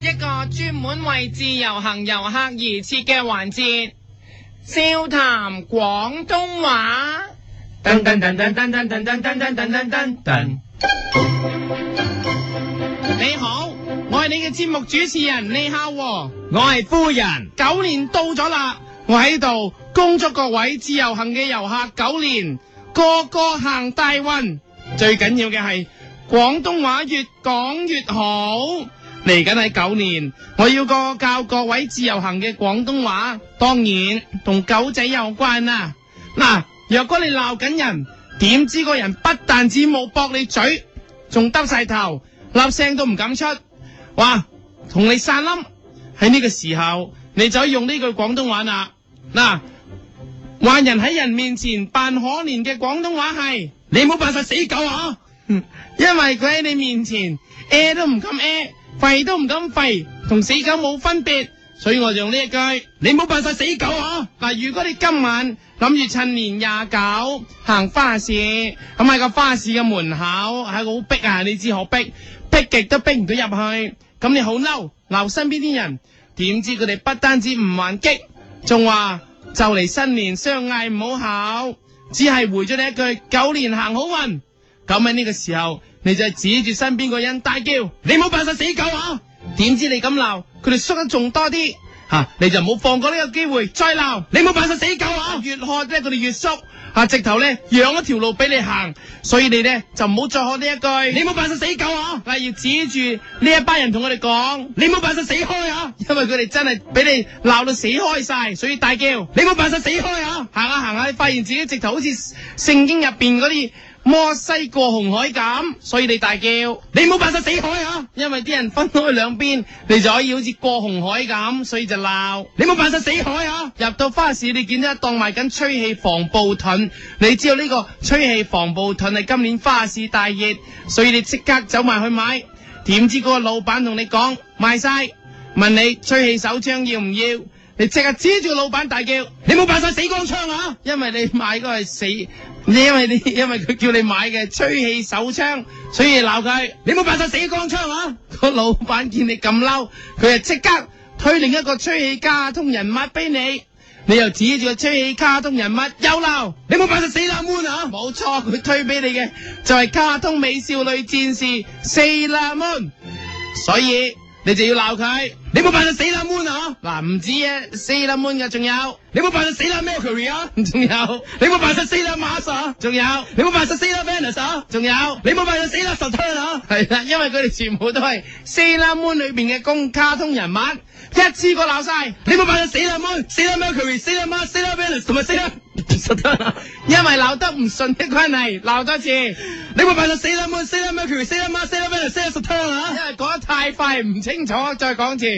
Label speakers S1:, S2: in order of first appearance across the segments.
S1: 一個專門為自由行遊客而設嘅環節，笑談廣東話。噔噔噔噔噔噔噔噔噔噔噔噔。你好，我係你嘅節目主持人你好喎，我係夫人。九年到咗啦，我喺度恭祝各位自由行嘅遊客九年個個行大運，最緊要嘅係廣東話越講越好。嚟緊喺九年，我要個教各位自由行嘅廣東話，當然同狗仔有關啊！嗱、啊，若果你鬧緊人，點知個人不但止冇駁你嘴，仲耷晒頭，粒聲都唔敢出，哇！同你散冧，喺呢個時候，你就可以用呢句廣東話啦。嗱、啊，話人喺人面前扮可憐嘅廣東話係，你唔好扮晒死狗啊，因為佢喺你面前，誒、呃、都唔敢誒、呃。吠都唔敢吠，同死狗冇分別，所以我就用呢一句，你冇扮哂死狗啊！嗱，如果你今晚諗住趁年廿九行花市，咁喺個花市嘅門口喺度好逼啊，你知何逼？逼極都逼唔到入去，咁你好嬲，鬧身邊啲人。點知佢哋不單止唔還擊，仲話就嚟新年相嗌唔好口，只係回咗你一句九年行好運。咁喺呢個時候。你就係指住身邊個人大叫，你唔好扮晒死狗啊！點知你咁鬧，佢哋縮得仲多啲吓，你就冇放過呢個機會再鬧，你唔好扮晒死狗啊！越看咧，佢哋越縮吓、啊，直頭咧讓一條路俾你行，所以你咧就唔好再喝呢一句，你唔好扮晒死狗啊！例如指住呢一班人同佢哋講，你唔好扮晒死開啊！因為佢哋真係俾你鬧到死開晒，所以大叫，你唔好扮晒死開啊！行下、啊、行下、啊啊啊，你發現自己直頭好似聖經入邊嗰啲。摩西過紅海咁，所以你大叫，你冇扮晒死海啊！因為啲人分開兩邊，你就可以好似過紅海咁，所以就鬧你冇扮晒死海啊！入到花市，你見到一檔賣緊吹氣防暴盾，你知道呢個吹氣防暴盾係今年花市大熱，所以你即刻走埋去買。點知嗰個老闆同你講賣晒，問你吹氣手槍要唔要？你即刻指住老闆大叫，你冇扮晒死光槍啊！因為你買嗰個係死，你因為你因為佢叫你買嘅吹氣手槍，所以鬧佢。你冇扮晒死光槍啊！個老闆見你咁嬲，佢就即刻推另一個吹氣卡通人物俾你，你又指住個吹氣卡通人物 又鬧罵，你冇扮晒死啦 moon 啊！冇錯，佢推俾你嘅就係、是、卡通美少女戰士四啦 moon，所以你就要鬧佢。你冇扮到死啦 moon 啊！嗱，唔止啊，死啦 moon 啊仲有，你冇扮到死啦 mercury 啊！仲有，你冇扮到死啦馬莎啊！仲有，你冇扮到死啦 venus 啊！仲有，你冇扮到死啦 satan 啊！係啦，因為佢哋全部都係死啦 moon 裏邊嘅公卡通人物，一次過鬧晒。你冇扮到死啦 moon、死啦 mercury、死啦馬、死啦 venus 同埋死啦 satan，因為鬧得唔順的關係，鬧多次。你冇扮到死啦 moon、死啦 mercury、死啦馬、死啦 venus、死啦 satan 啊！因為講得太快唔清楚，再講次。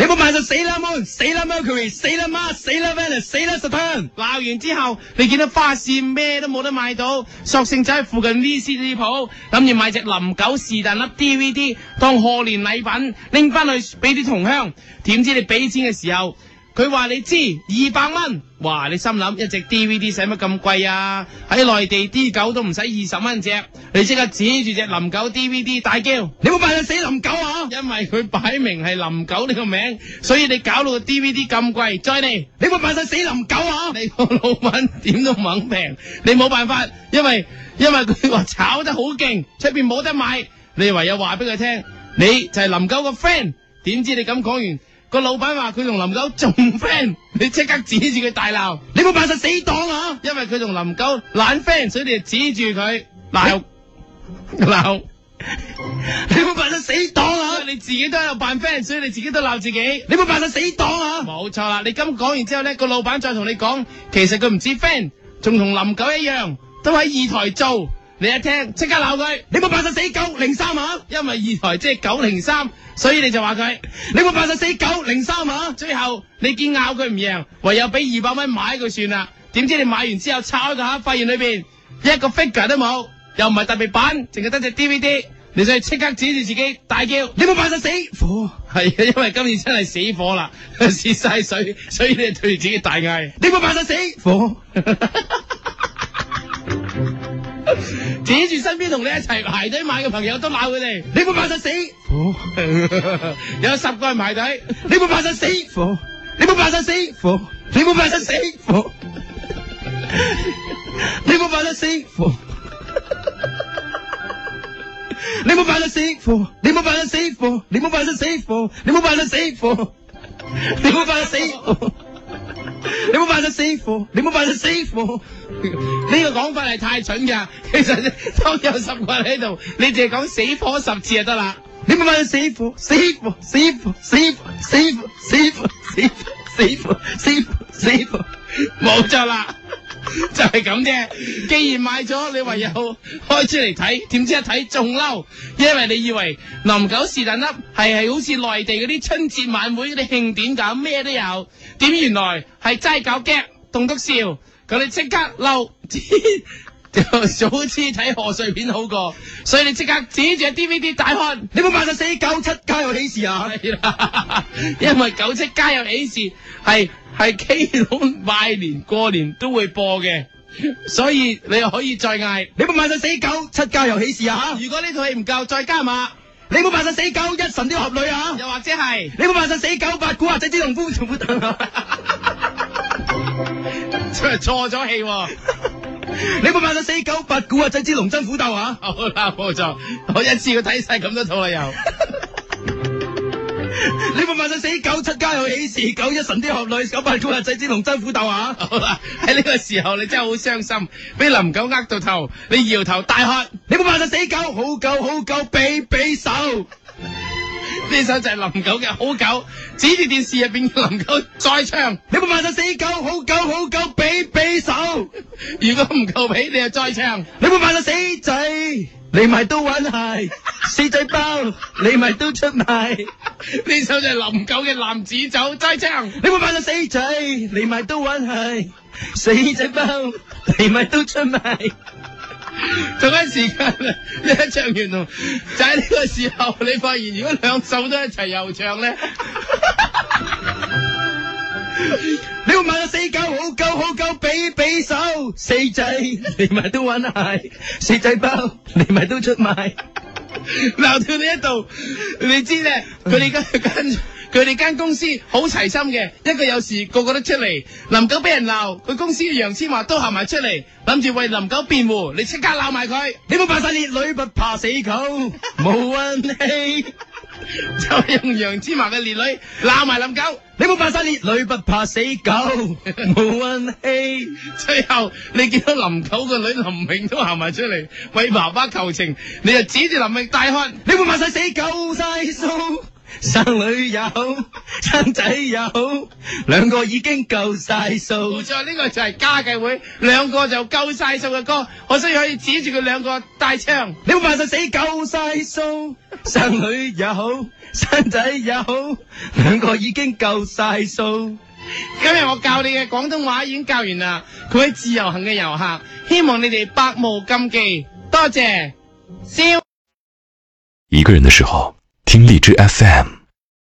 S1: 你冇買就死啦，Mon！死啦，Mercury！死啦，Mon！死啦，Venus！死啦，Stephen！鬧完之後，你見到花市咩都冇得買到，索性就喺附近 VCD 鋪諗住買隻林九是但粒 DVD 當賀年禮品拎翻去俾啲同鄉，點知你俾錢嘅時候？佢話你知二百蚊，哇！你心諗一隻 D V D 使乜咁貴啊？喺內地 D 九都唔使二十蚊隻，你即刻指住隻林狗 D V D 大叫：你唔好扮晒死林狗啊！因為佢擺明係林狗呢個名，所以你搞到個 D V D 咁貴，再嚟，你唔好扮晒死林狗啊！你個老闆點都唔肯平，你冇辦法，因為因為佢話炒得好勁，出邊冇得買，你唯有話俾佢聽，你就係林狗個 friend。點知你咁講完？個老闆話佢同林九仲 friend，你即刻指住佢大鬧，你冇扮晒死黨啊！因為佢同林九懶 friend，所以你就指住佢鬧鬧， 你冇扮晒死黨啊！你自己都喺度扮 friend，所以你自己都鬧自己，你冇扮晒死黨啊！冇錯啦，你咁講完之後咧，個老闆再同你講，其實佢唔似 friend，仲同林九一樣都喺二台做。你一聽即刻鬧佢，你冇八十四九零三啊？因為二台即係九零三，所以你就話佢，你冇八十四九零三啊？最後你見咬佢唔贏，唯有俾二百蚊買佢算啦。點知你買完之後拆開個盒，發現裏邊一個 figure 都冇，又唔係特別版，淨係得隻 DVD。你想即刻指住自己大叫，你冇八十四火？係啊，因為今次真係死火啦，蝕晒水，所以你對住自己大嗌，你冇八十四火。指住 抵 inhib itor 身邊同你一齊排隊買嘅朋友都鬧佢哋，你冇扮晒死狗！ 有十個人排隊， 你冇扮晒死狗！你冇扮晒死狗！你冇扮晒死狗！你冇扮晒死狗！你冇扮晒死狗！你冇扮晒死狗！你冇扮晒死狗！你冇扮晒死狗！你冇扮晒死狗！ 你冇扮到死狗，你冇扮到死狗，呢個講法係太蠢嘅。其實都有十個喺度，你淨係講死火十次就得啦。你冇扮到死狗，死狗，死狗，死狗，死狗，死狗，死狗，死狗，死狗，冇錯啦，就係咁啫。既然買咗，你唯有開出嚟睇，點知一睇仲嬲？因為你以為林九時是但粒係係好似內地嗰啲春節晚會嗰啲慶典咁咩都有，點原來係齋搞 gap，棟篤笑，佢你即刻嬲，早知睇賀歲片好過，所以你即刻指住 D V D 大開，你冇八十死九七家有喜事啊？ 因為九七家有喜事係係 K 佬拜年過年都會播嘅。所以你又可以再嗌，你唔好扮晒死狗，七教又起事啊，啊！如果呢套戲唔夠，再加碼，你唔好扮晒死狗，一神雕俠侶啊！又或者係，你唔好扮晒死狗，八古啊，仔之龍爭虎鬥啊！真出錯咗戲， 你唔好扮晒死狗，八古啊，仔之龍爭虎鬥啊！好啦，冇錯，我一次要睇晒咁多套啊又。你咪問個死狗出街去喜事，狗一神鵰俠侶，狗八公阿仔之龍爭虎鬥啊！喺呢 個時候你真係好傷心，俾林狗呃到頭，你搖頭大喝：「你咪問個死狗，好狗好狗比比手，呢 首就係林狗嘅好狗，指住電視入邊林狗再唱， 你咪問個死狗，好狗好狗比比手。 如果唔夠皮，你就再唱，你會扮到死仔，你咪都玩鞋； 死仔包，你咪都出賣。呢 首就係臨走嘅男子走齋唱，你會扮到死仔，你咪都玩鞋； 死仔包，你咪都出賣。做緊 時間你一唱完就喺、是、呢個時候，你發現如果兩手都一齊又唱咧。 你會買到死狗，好狗好狗，比比手，四仔你咪都玩下，四仔包你咪都出賣，鬧 到你一度，你知咧，佢哋間佢哋間公司好齊心嘅，一個有事個個都出嚟。林狗俾人鬧，佢公司嘅楊千嬅都行埋出嚟，諗住為林狗辯護，你即刻鬧埋佢，你冇扮晒你女，不怕死狗，冇關係。 就用楊芝麻嘅烈女鬧埋林狗，你唔好扮哂烈女不怕死狗冇運氣， 最後你見到林狗個女林明都行埋出嚟，為爸爸求情，你就指住林明大喝， 你唔好扮哂死狗晒數。生女也好，生仔也好，兩個已經夠晒數。冇錯，呢個就係家計會，兩個就夠晒數嘅歌。我需要可以指住佢兩個大槍， 你問就死夠晒數。生女也好，生仔也好，兩個已經夠晒數。 今日我教你嘅廣東話已經教完啦。佢係自由行嘅遊客，希望你哋百無禁忌。多謝。消 一個人嘅時候。聽荔枝 FM。